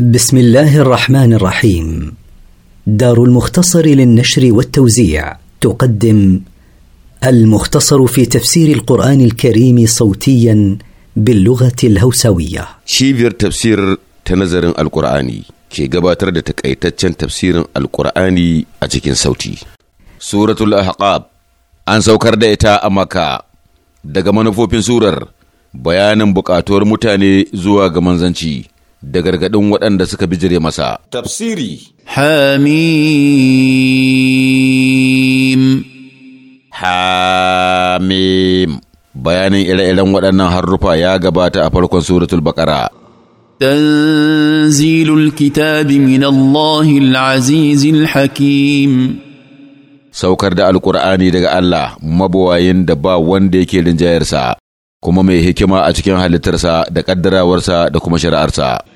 بسم الله الرحمن الرحيم دار المختصر للنشر والتوزيع تقدم المختصر في تفسير القرآن الكريم صوتيا باللغة الهوسوية شيفير تفسير تنظر القرآني كي قباتر تكأيتتشن تفسير القرآني أجيكين صوتي سورة الأحقاب أن سوكر دائتا أمكا daga فوبين سورر bayanin bukatuwar متاني زواج منزنشي da gargaɗin waɗanda suka bijire masa. Tafsiri Hamim Hamim Bayanin ire-iren waɗannan harrufa ya gabata a farkon suratul baƙara. Tanzilul kitabi min Allahil azizil hakim Saukar da Alƙur'ani daga Allah mabuwayin da ba wanda yake rinjayarsa. kuma mai hikima a cikin halittarsa da ƙaddarawarsa da kuma shari'arsa.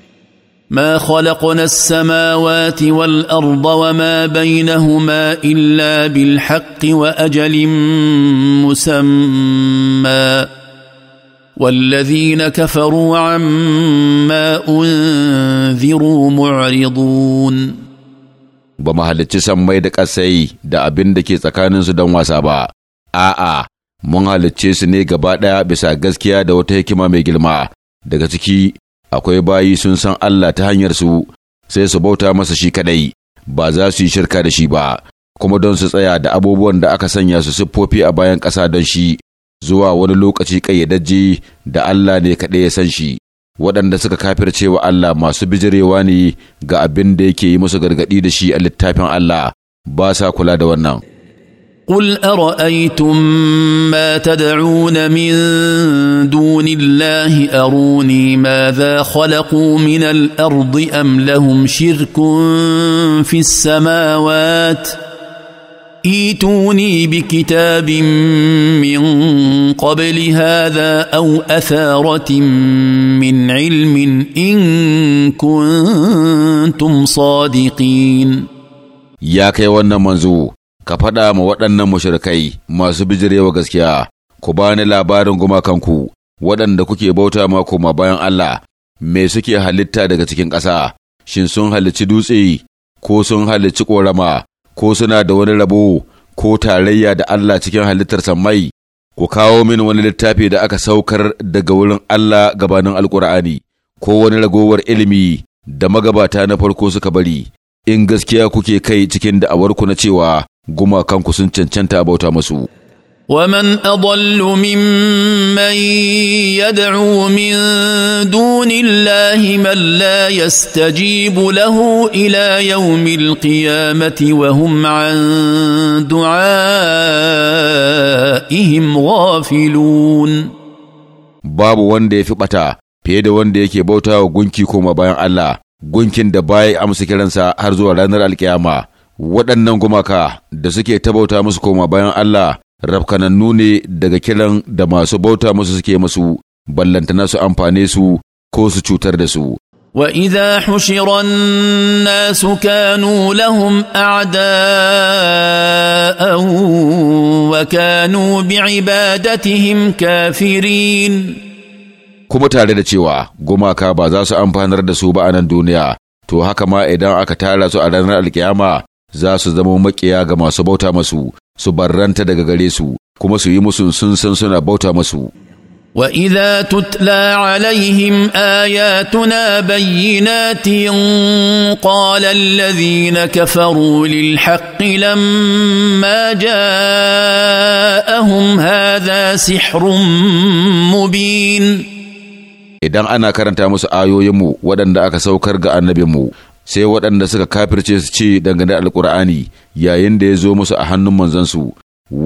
ما خلقنا السماوات والارض وما بينهما الا بالحق واجل مسمى والذين كفروا عما انذروا معرضون ba mu halicci sammai da ƙasai da abin da ke tsakaninsu don wasa ba, a'a, mun halicce su ne gaba ɗaya bisa gaskiya da wata hikima mai girma, daga ciki akwai bayi sun san Allah ta hanyar su sai su bauta masa shi kadai ba za su yi shirka da shi ba kuma don su tsaya da abubuwan da aka sanya su siffofi a bayan ƙasa don shi zuwa wani lokaci ƙayyadajji da Allah ne kaɗai ya san shi waɗanda suka kafirce wa Allah masu bijirewa ne ga abin da yake yi musu gargaɗi da shi a littafin Allah ba sa kula da wannan. قل ارايتم ما تدعون من دون الله اروني ماذا خلقوا من الارض ام لهم شرك في السماوات ايتوني بكتاب من قبل هذا او اثاره من علم ان كنتم صادقين يا كي منزو ka faɗa ma waɗannan mushrikai masu bijirewa gaskiya, ku bani labarin gumakanku waɗanda kuke bauta ma koma bayan Allah, mai suke halitta daga cikin ƙasa, shin sun halicci dutse, ko sun halicci ƙorama, ko suna da wani rabo, ko tarayya da Allah cikin halittar sammai, ku kawo min wani littafi da aka saukar daga wurin Allah gabanin Alƙur'ani, ko wani ragowar ilimi da magabata na farko suka bari, in gaskiya kuke kai cikin da'awarku na cewa gumakanku sun cancanta a bauta masu. mai اضل ممن يدعو من دون الله من لا يستجيب له الى يوم القيامه وهم عن دعائهم غافلون babu wanda ya fi ɓata fiye da wanda yake bauta wa gunki koma bayan Allah gunkin da baya amsa kiransa har zuwa ranar alkiyama waɗannan gumaka da suke ta bauta musu koma bayan Allah rafkanannu ne daga kiran da masu bauta musu suke musu ballantana su amfane su ko su cutar da su واذا حشر الناس كانوا wa kanu bi ibadatihim kafirin. kuma tare da cewa gumaka ba za su amfanar da su ba a nan duniya to haka ma idan aka tara su a ranar alkiyama za su zama maƙiya ga masu bauta masu su barranta daga gare su kuma su yi musu sun san suna bauta masu واذا تتلى عليهم اياتنا بينات قال الذين كفروا للحق لما جاءهم هذا سحر مبين idan ana karanta musu ayoyinmu waɗanda aka saukar ga annabinmu sai waɗanda suka kafirce su ce dangane alkur'ani yayin da ya zo musu a hannun manzansu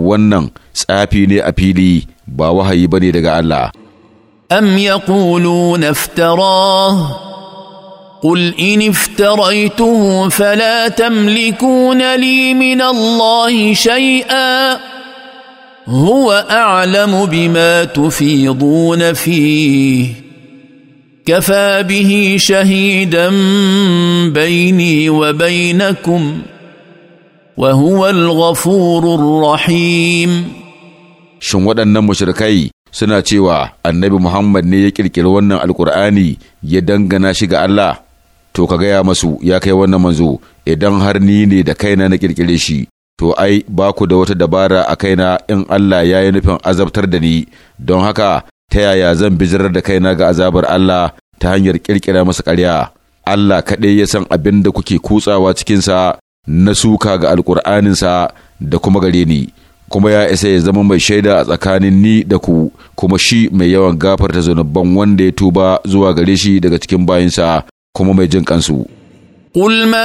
wannan tsafi ne a fili ba wahayi bane daga Allah am yaquluna iftara قل ان افتريته فلا تملكون لي من الله شيئا هو اعلم بما تفيضون فيه كفى به شهيدا بيني وبينكم وهو الغفور الرحيم shin waɗannan mushrikai suna cewa annabi Muhammad ne ya ƙirƙiri wannan alƙur'ani ya dangana shi ga Allah to ka gaya masu ya kai wannan manzo idan har ni ne da kaina na ƙirƙire shi to ai ba ku da wata dabara a kaina in Allah ya yi nufin azabtar da ni don haka ta yaya zan bijirar da kaina ga azabar Allah ta hanyar ƙirƙira masa ƙarya Allah kaɗai ya san abin da kuke kutsawa cikinsa na suka ga alƙur'aninsa da kuma gare ni kuma ya isa ya zama mai shaida a tsakanin ni da ku kuma shi mai yawan gafarta zunuban wanda ya tuba zuwa gare shi daga cikin bayinsa kuma mai jin kansu. kun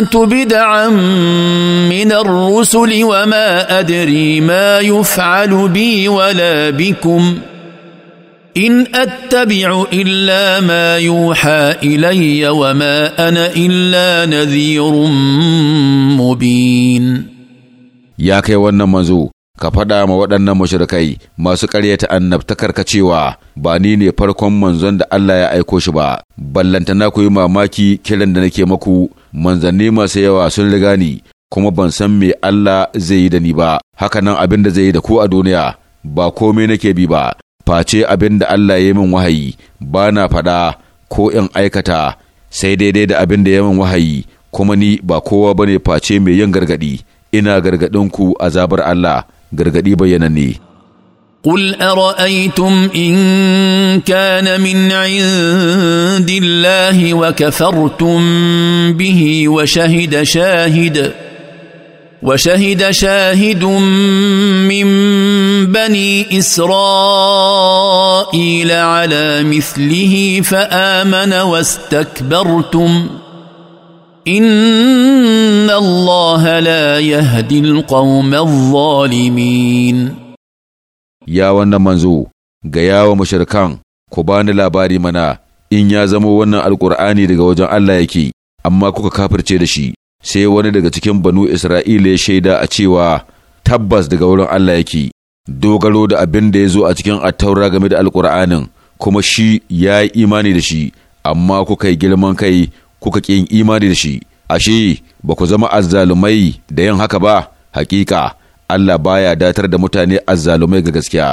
كنت بدعا من الرسل وما ادري ما يفعل بي ولا بكم ان اتبع الا ما يوحى الي وما انا الا نذير مبين يا كي wannan manzo ka faɗa ma waɗannan mashirkai masu ƙaryata annabtakarka cewa ba ni ne farkon manzon da Allah ya aiko shi ba na ku yi mamaki kiran da nake maku manzanni masu yawa sun riga ni kuma ban san me Allah zai yi da ni ba haka nan abin da zai yi da ku a duniya ba komai nake bi ba face abin da Allah ya min wahayi ba na faɗa ko in aikata sai daidai da abin da ya min wahayi kuma ni ba kowa bane face mai yin gargadi ina ku azabar Allah gargadi ne. قل ارايتم ان كان من عند الله وكفرتم به وشهد شاهد وشهد شاهد من بني اسرائيل على مثله فامن واستكبرتم ان الله لا يهدي القوم الظالمين ya wannan manzo, ga yawon mashirkan, ku bani labari mana, in ya zamo wannan alkur'ani daga wajen Allah yake, amma kuka kafirce da shi, sai wani daga cikin banu Isra'ila ya shaida a cewa tabbas daga wurin Allah yake, dogaro da abin da ya zo a cikin attaura game da alkur'anin, kuma shi ya yi imani da shi, amma kuka yi girman kai kuka ƙin imani da shi, ashe ba ku zama azzalumai da yin haka ba, hakika. Allah baya datar da mutane azzalumai ga gaskiya.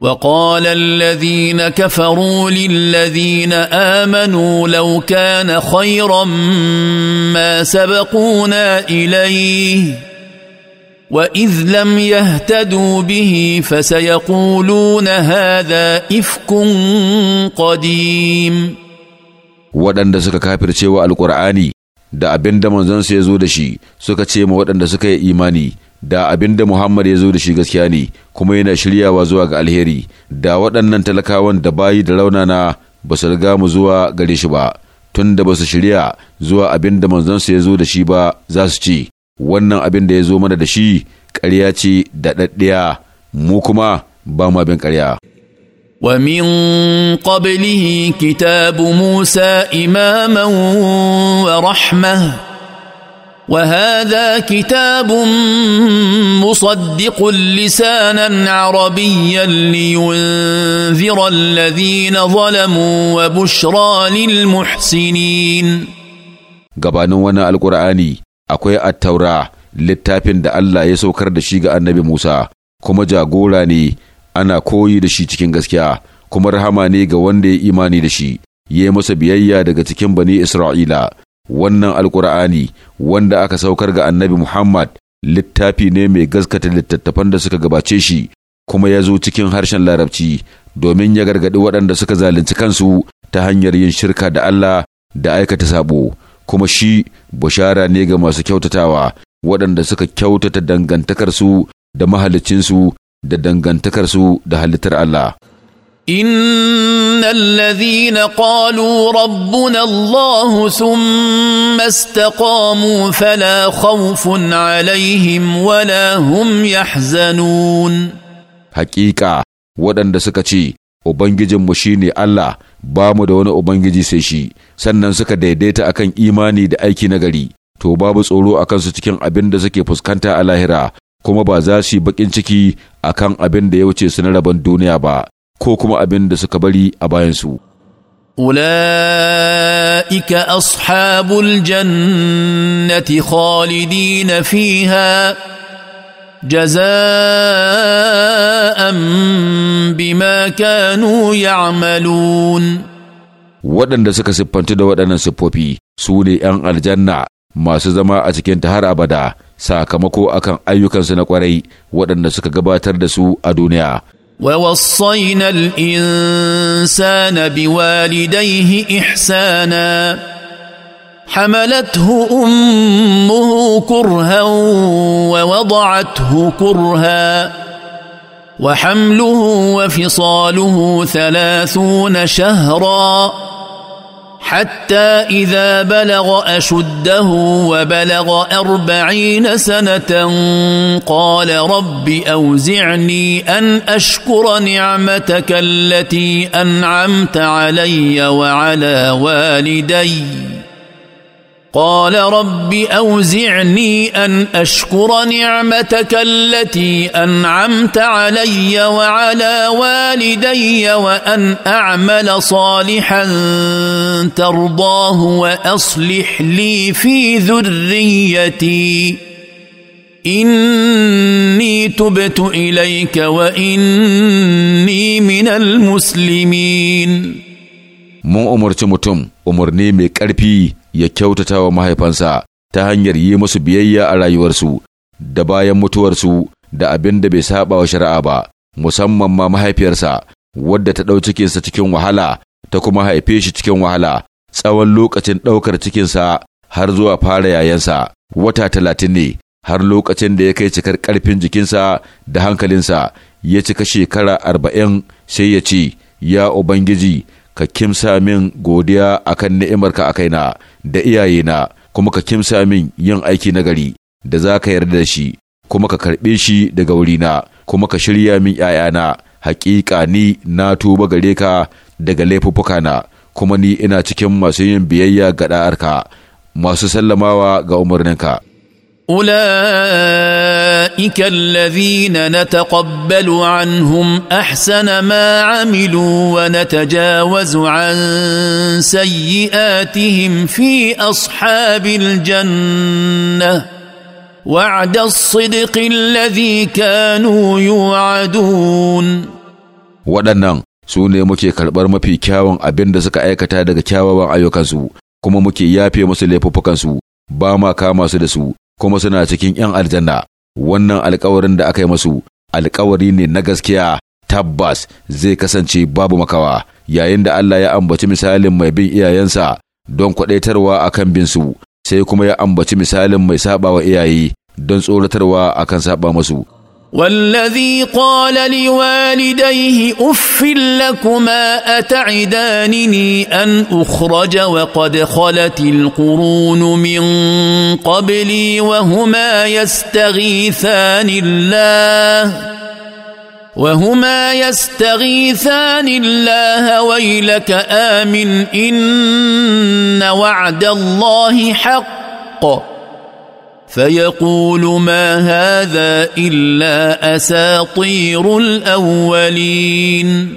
وقال الذين كفروا للذين امنوا لو كان خيرا ما سبقونا اليه واذ لم يهتدوا به فسيقولون هذا ifkun قديم waɗanda suka kafircewa alƙur'ani da abin da manzansu ya zo da shi suka ce ma waɗanda suka yi imani da abin da Muhammad ya zo da shi gaskiya ne kuma yana shiryawa zuwa ga alheri da waɗannan talakawan da bayi da raunana ba su riga mu zuwa gare shi ba tun da ba su shirya zuwa abin da manzonsu ya zo da shi ba za su ce wannan abin da ya zo mana da shi ƙarya ce da ɗaɗɗiya mu kuma ba mu abin ƙarya. ومن قبله كتاب موسى إماما ورحمة وهذا كتاب مصدق لسانا عربيا لينذر الذين ظلموا وبشرى للمحسنين gabanin wannan alkur'ani akwai attaura littafin da Allah ya saukar da shi ga annabi Musa kuma jagora ne ana koyi da shi cikin gaskiya kuma rahama ne ga wanda ya imani da shi ya yi masa biyayya daga cikin bani Isra'ila wannan alkur'ani wanda aka saukar ga annabi Muhammad littafi ne mai gaskata littattafan da suka gabace shi kuma ya zo cikin harshen larabci domin ya gargaɗi waɗanda suka zalunci kansu ta hanyar yin shirka da Allah da aikata sabo kuma shi bushara ne ga masu kyautatawa waɗanda suka kyautata dangantakarsu da mahalicinsu da dangantakarsu da halittar Allah. ان الذين قالوا ربنا الله ثم استقاموا فلا خوف عليهم ولا هم يحزنون حقيقه waɗanda suka ce Ubangijinmu shine Allah ba mu da wani Ubangiji sai shi, sannan suka daidaita akan imani da aiki nagari, to babu tsoro a kansu cikin abin da suke fuskanta a lahira, kuma ba za su yi baƙin ciki akan abin da ya wuce su na rabon duniya ba. ko kuma abin da suka bari a bayansu. ulaika ashabul jannati خالدين فيها جزاء بما كانوا يعملون waɗanda suka siffanci da waɗannan siffofi su ne ‘yan aljanna masu zama a cikin har abada sakamako akan ayyukansu na ƙwarai waɗanda suka gabatar da su a duniya. ووصينا الانسان بوالديه احسانا حملته امه كرها ووضعته كرها وحمله وفصاله ثلاثون شهرا حتى اذا بلغ اشده وبلغ اربعين سنه قال رب اوزعني ان اشكر نعمتك التي انعمت علي وعلى والدي قال رب اوزعني ان اشكر نعمتك التي انعمت علي وعلى والدي وان اعمل صالحا ترضاه واصلح لي في ذريتي اني تبت اليك واني من المسلمين مو امرت متم امرني مي ya kyautata wa mahaifansa ta hanyar yi musu biyayya a rayuwarsu da bayan mutuwarsu da abin da bai saba wa shari'a ba musamman ma mahaifiyarsa wadda ta ɗau cikinsa cikin wahala ta kuma haife shi cikin wahala tsawon lokacin ɗaukar cikinsa har zuwa fara yayansa wata talatin ne har lokacin da ya kai cikar ƙarfin jikinsa da hankalinsa ya cika shekara arba'in sai ya ce ya ubangiji ka kimsa min godiya akan ni'imarka a kaina da iyayena kuma ka kimsa min yin aiki nagari da za ka yarda da shi kuma ka karɓe shi daga wurina kuma ka shirya min ‘ya'yana haƙiƙa ni na tuba gare ka daga laifuffukana kuma ni ina cikin masu yin biyayya ga ɗa'arka masu sallamawa ga umarninka. اولئك الذين نتقبل عنهم احسن ما عملوا ونتجاوز عن سيئاتهم في اصحاب الجنه وعد الصدق الذي كانوا يوعدون waɗannan su ne muke karɓar mafi kyawun abin da suka aikata daga kyawawan ayyukansu kuma muke yafe musu laifuffukansu ba ma kama su da su kuma suna cikin 'yan aljanna wannan alkawarin da aka yi masu alkawari ne na gaskiya tabbas zai kasance babu makawa yayin da Allah ya ambaci misalin mai bin iyayensa don kwadaitarwa a kan binsu sai kuma ya ambaci misalin mai saba wa iyaye don tsoratarwa a kan saba masu والذي قال لوالديه اف لكما اتعدانني ان اخرج وقد خلت القرون من قبلي وهما يستغيثان الله وهما يستغيثان الله ويلك امن ان وعد الله حق فيقول ما هذا الا اساطير الاولين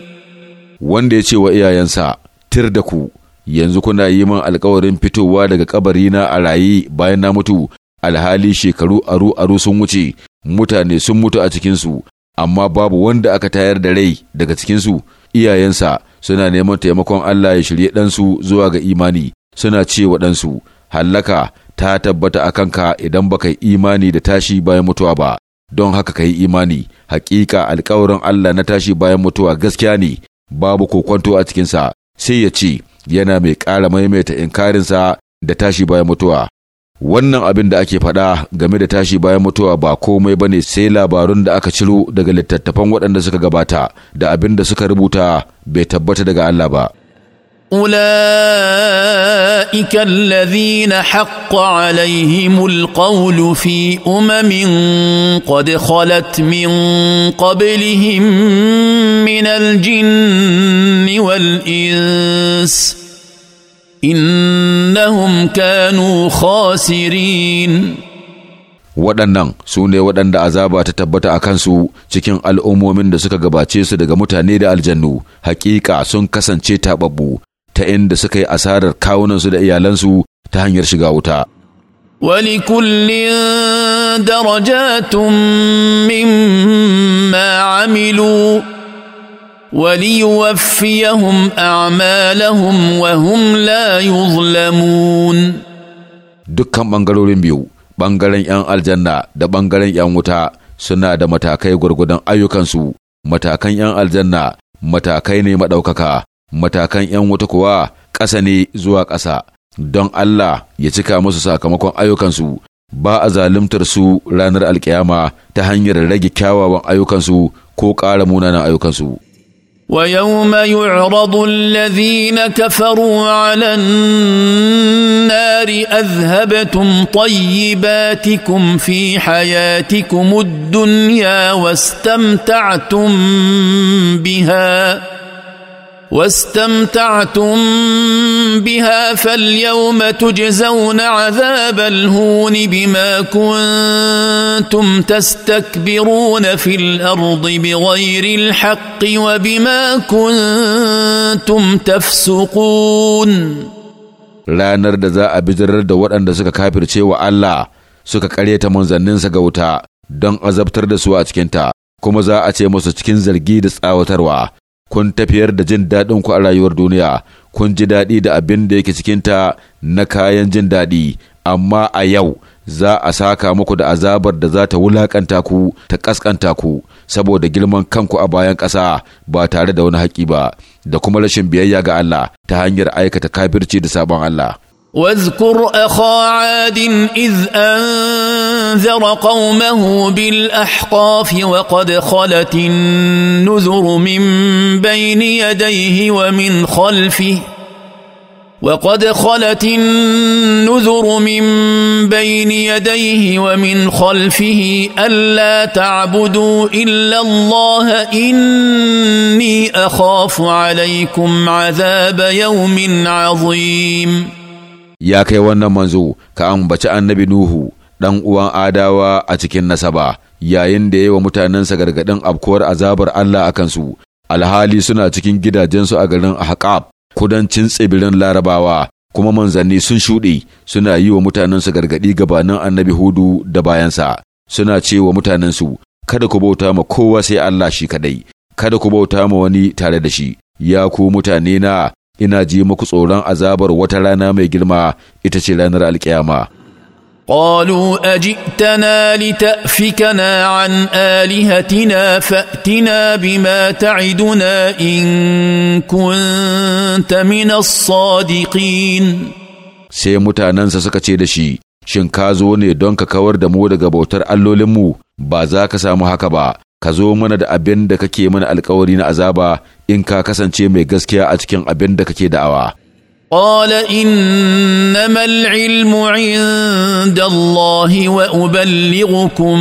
wanda ya ce wa iyayensa tir da ku yanzu kuna yi min alkawarin fitowa daga kabarina a raye bayan na mutu alhali shekaru aru aru sun wuce mutane sun mutu a cikinsu amma babu wanda aka tayar da rai daga cikinsu iyayensa suna neman taimakon Allah ya shirye ɗansu zuwa ga imani suna ce wa ɗansu hallaka ta tabbata a kanka idan baka yi imani da tashi bayan mutuwa ba don haka ka yi imani hakika alkawarin Allah na tashi bayan mutuwa gaskiya ne babu kokwanto a cikinsa sai ya ce yana mai ƙara maimaita inkarinsa da tashi bayan mutuwa wannan abin da ake faɗa game da tashi bayan mutuwa ba komai ba ne sai labarun da aka ciro daga littattafan waɗanda suka gabata da abin da suka rubuta bai tabbata daga Allah ba اولئك الذين حق عليهم القول في امم قد خلت من قبلهم من الجن والانس انهم كانوا خاسرين waɗannan su ne waɗanda azaba ta tabbata a kansu cikin al'ummomin da suka gabace su daga mutane da aljannu hakika sun kasance taɓaɓɓu ta inda suka yi asarar kawunansu da iyalansu ta hanyar shiga wuta. ولكل درجات مما عملوا وليوفيهم أعمالهم wahum لا يظلمون dukkan ɓangarorin biyu ɓangaren 'yan aljanna da ɓangaren 'yan wuta suna da matakai gwargwadon ayyukansu matakan 'yan aljanna matakai ne maɗaukaka matakan ‘yan wata kuwa ƙasa ne zuwa ƙasa, don Allah ya cika musu sakamakon ayyukansu, ba a zalimtar su ranar alkiyama ta hanyar rage kyawawan ayyukansu ko ƙara munanan ayyukansu. ويوم يعرض الذين كفروا على النار اذهبتم طيباتكم في حياتكم الدنيا واستمتعتم بها واستمتعتم بها فاليوم تجزون عذاب الهون بما كنتم تستكبرون في الارض بغير الحق وبما كنتم تفسقون ranar da za a bijirar da waɗanda suka kafirce wa Allah suka karyata manzanninsa ga wuta don azabtar da su a cikinta kuma za a ce musu cikin zargi da tsawatarwa kun tafiyar da jin daɗin ku a rayuwar duniya kun ji daɗi da abin da yake cikinta na kayan jin daɗi amma a yau za a saka muku da azabar da za ta wulaƙanta ku ta ƙasƙanta ku saboda girman kanku a bayan ƙasa ba tare da wani haƙi ba da kuma rashin biyayya ga Allah ta hanyar aikata kafirci da sabon Allah واذكر اخا عاد اذ انذر قومه بالاحقاف وقد خلت النذر من بين يديه ومن خلفه وقد خلت النذر من بين يديه ومن خلفه الا تعبدوا الا الله اني اخاف عليكم عذاب يوم عظيم ya kai wannan manzo ka ambaci annabi Nuhu dan uwan adawa a cikin nasaba yayin da yayin mutanensa gargadin afkuwar azabar Allah a kansu alhali suna cikin gidajensu a garin Ahqab kudancin tsibirin Larabawa kuma manzanni sun shuɗe suna yi wa mutanensu gargaɗi gabanin annabi Hudu da bayansa suna ce wa mutanensu kada ku bauta ma kowa sai Allah shi kadai kada ku bauta ma wani tare da shi ya ku mutane na ina ji muku tsoron azabar wata rana mai girma ita ce ranar alkiyama قالوا aji. لتافكنا عن الهتنا فاتنا بما تعدنا ان كنت من الصادقين sai mutanensa suka ce da shi shin ka zo ne don ka kawar da mu daga bautar allolinmu ba za ka samu haka ba ka zo mana da abin da kake mana alkawari na azaba in ka kasance mai gaskiya a cikin abin da kake da'awa. قال إنما العلم عند الله وأبلغكم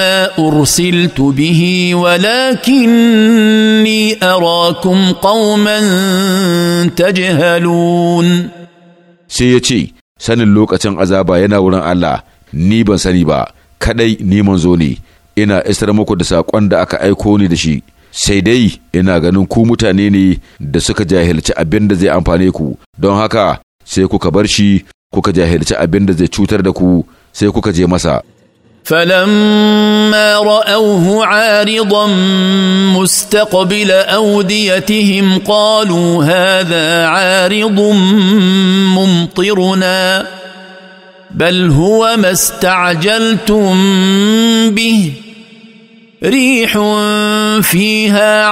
ما أرسلت به ولكني أراكم قوما تجهلون سيتي سن اللوكة عذابا ينا ورن الله نيبا سنيبا كدي نيمن زوني ina isar muku da saƙon da aka aiko ni da shi sai dai ina ganin ku mutane ne da suka jahilci abin da zai amfane ku don haka sai kuka bar shi kuka jahilci abin da zai cutar da ku sai kuka je masa فلما راوه عارضا مستقبل اوديتهم قالوا هذا عارض ممطرنا Balhuwa هو ما استعجلتم به ريح فيها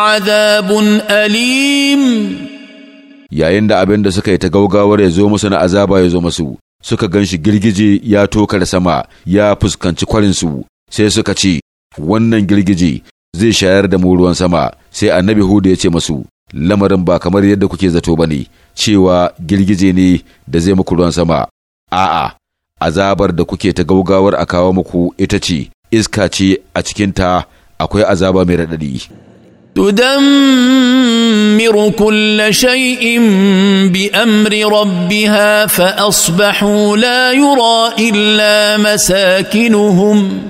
yayin da abin da suka yi ta gaugawar ya zo musu na azaba ya zo masu suka gan shi girgije ya toka da sama ya fuskanci kwarinsu sai suka ce wannan girgije zai shayar da mu ruwan sama sai annabi hudu ya ce masu lamarin ba kamar yadda kuke zato ba ne cewa girgije ne da zai maku ruwan sama a'a azabar da kuke ta gaugawar a kawo muku ita ce iska ce a cikinta akwai azaba mai raɗaɗi. تدمر كل شيء بأمر ربها فأصبحوا لا يرى ka مساكنهم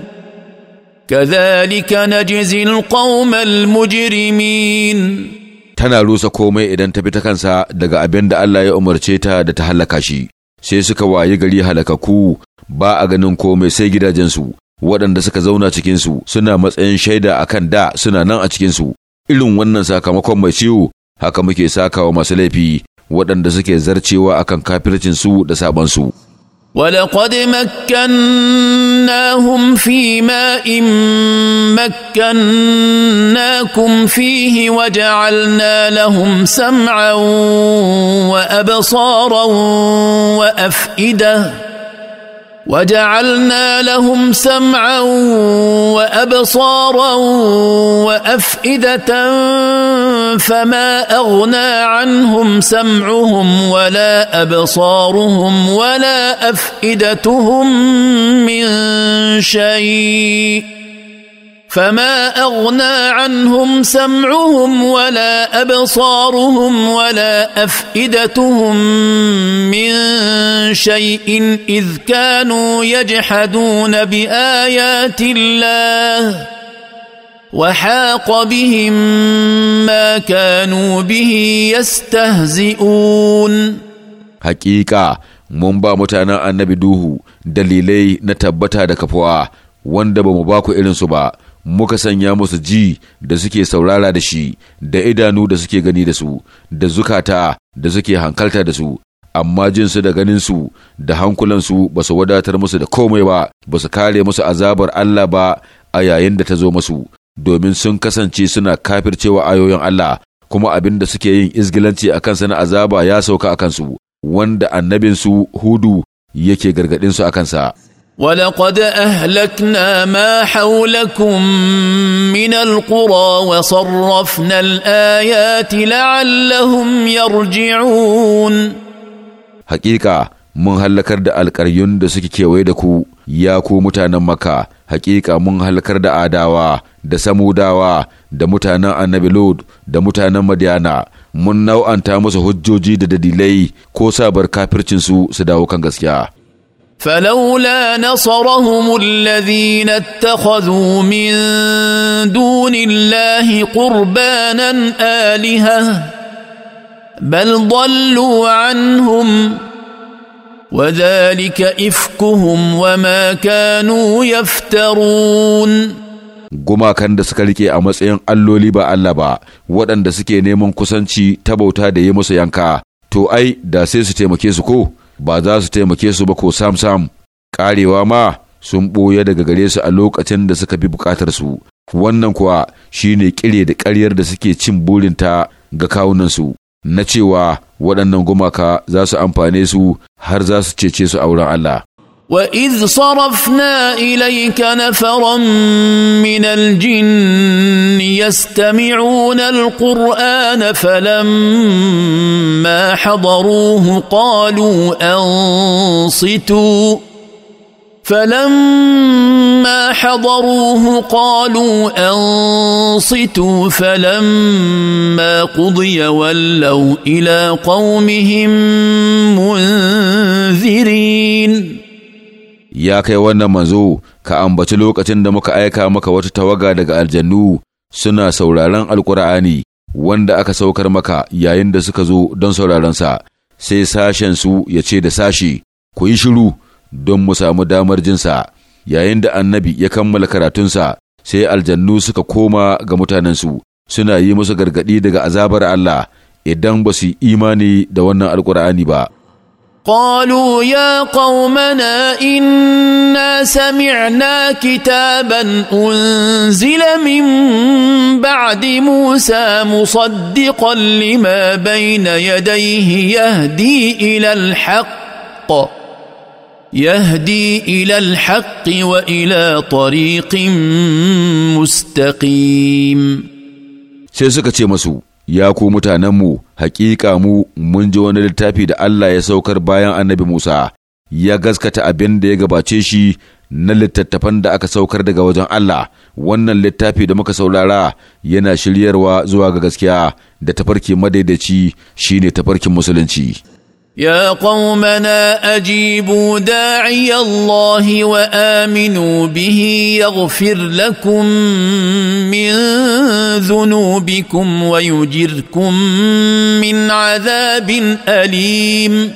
كذلك نجزي القوم mujirimin. tana rusa komai idan ta bi ta kansa daga abin da Allah ya umarce ta da ta hallaka shi sai suka wayi gari halakaku ba a ganin komai sai gidajensu waɗanda suka zauna cikinsu suna matsayin shaida akan da suna nan a cikinsu irin wannan sakamakon mai ciwo haka muke sakawa masu laifi waɗanda suke zarcewa akan kafircinsu da sabansu. ولقد مكناهم في ماء مكناكم فيه وجعلنا لهم سمعا وابصارا وافئده وجعلنا لهم سمعا وابصارا وافئده فما اغنى عنهم سمعهم ولا ابصارهم ولا افئدتهم من شيء فما اغنى عنهم سمعهم ولا ابصارهم ولا افئدتهم من شيء اذ كانوا يجحدون بايات الله وحاق بهم ما كانوا به يستهزئون حقيقه mun متانا النبي دوه دليلي نتبتها na وندب مباكو kafuwa wanda muka sanya musu ji da suke saurara da shi da idanu da suke gani da su da zukata da suke hankalta da su amma jinsu da ganin su da hankulansu ba su wadatar musu da komai ba ba su kare musu azabar Allah ba a yayin da ta zo musu domin sun kasance suna kafircewa ayoyin Allah kuma abin da suke yin izgilanci a kansa na azaba ya sauka a kansu wanda annabinsu hudu yake gargadinsu a kansa. ولقد اهلكنا ما حولكم من القرى وصرفنا الايات لعلهم يرجعون حقيقه mun halakar da alƙaryun da suke kewaye da ku ya ku mutanen maka hakika mun halakar da adawa da samudawa da mutanen annabi lod da mutanen madiyana mun nau'anta musu hujjoji da dalilai ko sabar kafircinsu su dawo kan gaskiya فلولا نصرهم الذين اتخذوا من دون الله قربانا الهه بل ضلوا عنهم وذلك افكهم وما كانوا يفترون gumakan da suka rike a matsayin alloli ba Allah ba waɗanda suke neman kusanci ta bauta da yi musu yanka to ai da sai su taimake su ko ba za su taimake su ba ko sam sam karewa ma sun ɓoye daga gare su a lokacin da suka bi bukatar su wannan kuwa shine kire da ƙaryar da suke cin burinta ga kawunansu na cewa waɗannan gumaka za su amfane su har za su cece su a wurin Allah واذ صرفنا اليك نفرا من الجن يستمعون القران فلما حضروه قالوا انصتوا فلما حضروه قالوا انصتوا فلما قضي ولوا الى قومهم منذرين ya kai wannan manzo ka ambaci lokacin da muka aika maka wata tawaga daga aljannu suna sauraron alkur'ani wanda aka saukar maka yayin da suka zo don saurarensa sai sashen su ya ce da sashi ku yi shiru don mu samu damar jinsa yayin da annabi ya kammala karatunsa sai aljannu suka koma ga mutanensu suna yi musu gargadi daga azabar Allah idan ba su imani da wannan alkur'ani ba. قالوا يا قومنا انا سمعنا كتابا انزل من بعد موسى مصدقا لما بين يديه يهدي الى الحق يهدي الى الحق والى طريق مستقيم ya ku mutanenmu hakika mu mun ji wani littafi da Allah ya saukar bayan annabi Musa ya gaskata abin da ya gabace shi na littattafan da aka saukar daga wajen Allah wannan littafi da muka saurara yana shiryarwa zuwa ga gaskiya da tafarki madaidaci shine tafarkin musulunci يا قومنا اجيبوا داعي الله وامنوا به يغفر لكم من ذنوبكم ويجركم من عذاب اليم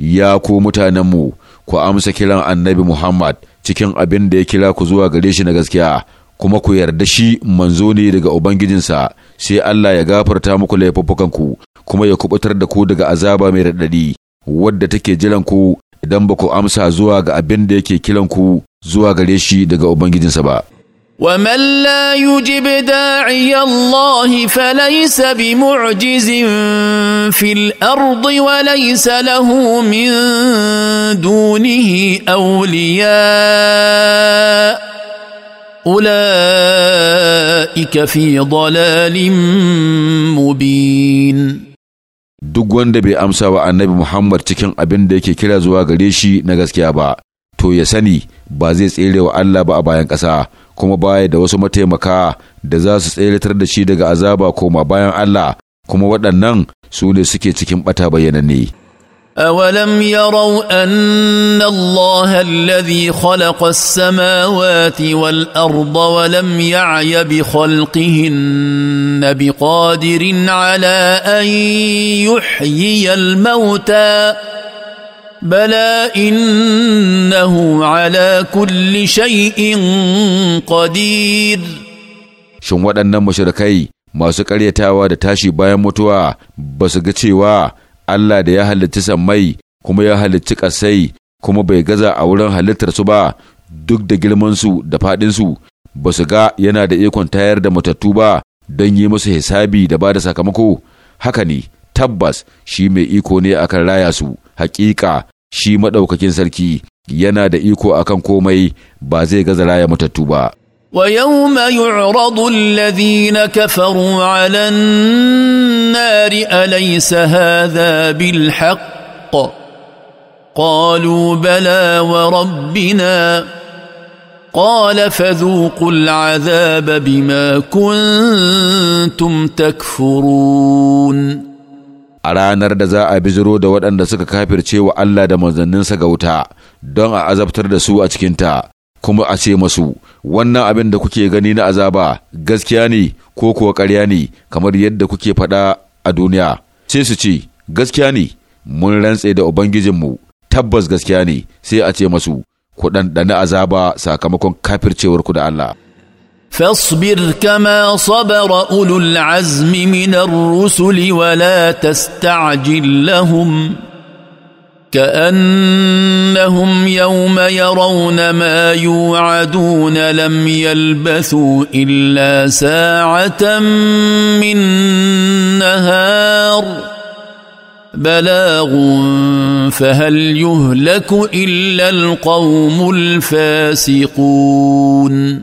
يا ku mutanenmu ku amsa kiran annabi Muhammad cikin abin da ya kira ku zuwa gare shi na gaskiya kuma ku yarda shi manzo ne daga ubangijinsa sai Allah ya gafarta muku laifuffukanku kuma ya kubutar da ku daga azaba mai raɗaɗi wadda take jiran ku idan ba ku amsa zuwa ga abin da yake kiran ku zuwa gare shi daga ubangijinsa ba ومن لا يجب داعي الله فليس بمعجز في الارض وليس له من دونه اولياء اولئك في ضلال مبين duk wanda bai amsa wa annabi Muhammad cikin abin da yake kira zuwa gare shi na gaskiya ba, to ya sani ba zai tsere wa Allah ba a bayan ƙasa, kuma baya da wasu mataimaka da za su tseratar da shi daga azaba koma bayan Allah, kuma waɗannan su ne suke cikin ɓata bayyananne. أولم يروا أن الله الذي خلق السماوات والأرض ولم يعي بخلقهن بقادر على أن يحيي الموتى بلى إنه على كل شيء قدير شن أن مشركي ما سكريتا ودتاشي tashi bayan mutuwa ba Allah da ya halitta sammai kuma ya halitta ƙasai kuma bai gaza a wurin halittarsu ba duk da girman su da faɗinsu ba su ga yana da ikon tayar da matattu ba don yi musu hisabi da ba da sakamako haka ne tabbas shi mai iko ne akan raya su hakika shi maɗaukakin sarki yana da iko akan komai ba zai gaza raya matattu ba. ويوم يعرض الذين كفروا على النار اليس هذا بالحق قالوا بلى وربنا قال فذوقوا العذاب بما كنتم تكفرون a ranar da za a bijiro da waɗanda suka kafirce wa Allah da manzanninsa ga wuta don a azabtar da su a cikinta kuma a ce masu wannan abin da kuke gani na azaba gaskiya ne ko kuwa karya ne kamar yadda kuke faɗa a duniya sai su ce gaskiya ne mun rantse da ubangijinmu tabbas gaskiya ne sai a ce masu ku ɗanɗana azaba sakamakon kafircewar ku da Allah. فاصبر كما صبر ulul العزم من الرسل ولا تستعجل لهم كانهم يوم يرون ما يوعدون لم يلبثوا الا ساعه من نهار بلاغ فهل يهلك الا القوم الفاسقون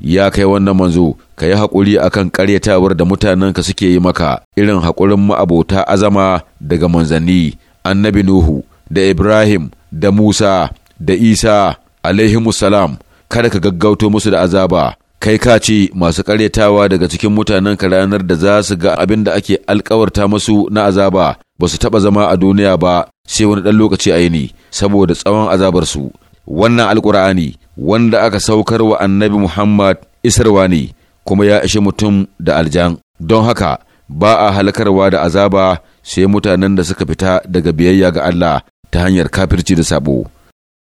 ya kai wannan manzo ka yi haƙuri akan ƙaryatawar da mutanenka suke yi maka irin haƙurin ma'abota azama daga manzanni annabi Nuhu da Ibrahim da Musa da Isa alaihimussalam kada ka gaggauto musu da azaba kai ka ce masu karyatawa daga cikin mutanen ka ranar da za su ga abin da ake alkawarta masu na azaba ba su taɓa zama a duniya ba sai wani ɗan lokaci aini saboda tsawon azabarsu wannan alƙur'ani wanda aka saukar wa annabi muhammad isarwa ne kuma ya ishe mutum da aljan don haka ba a halakarwa da azaba sai mutanen da suka fita daga biyayya ga Allah ta hanyar kafirci da sabo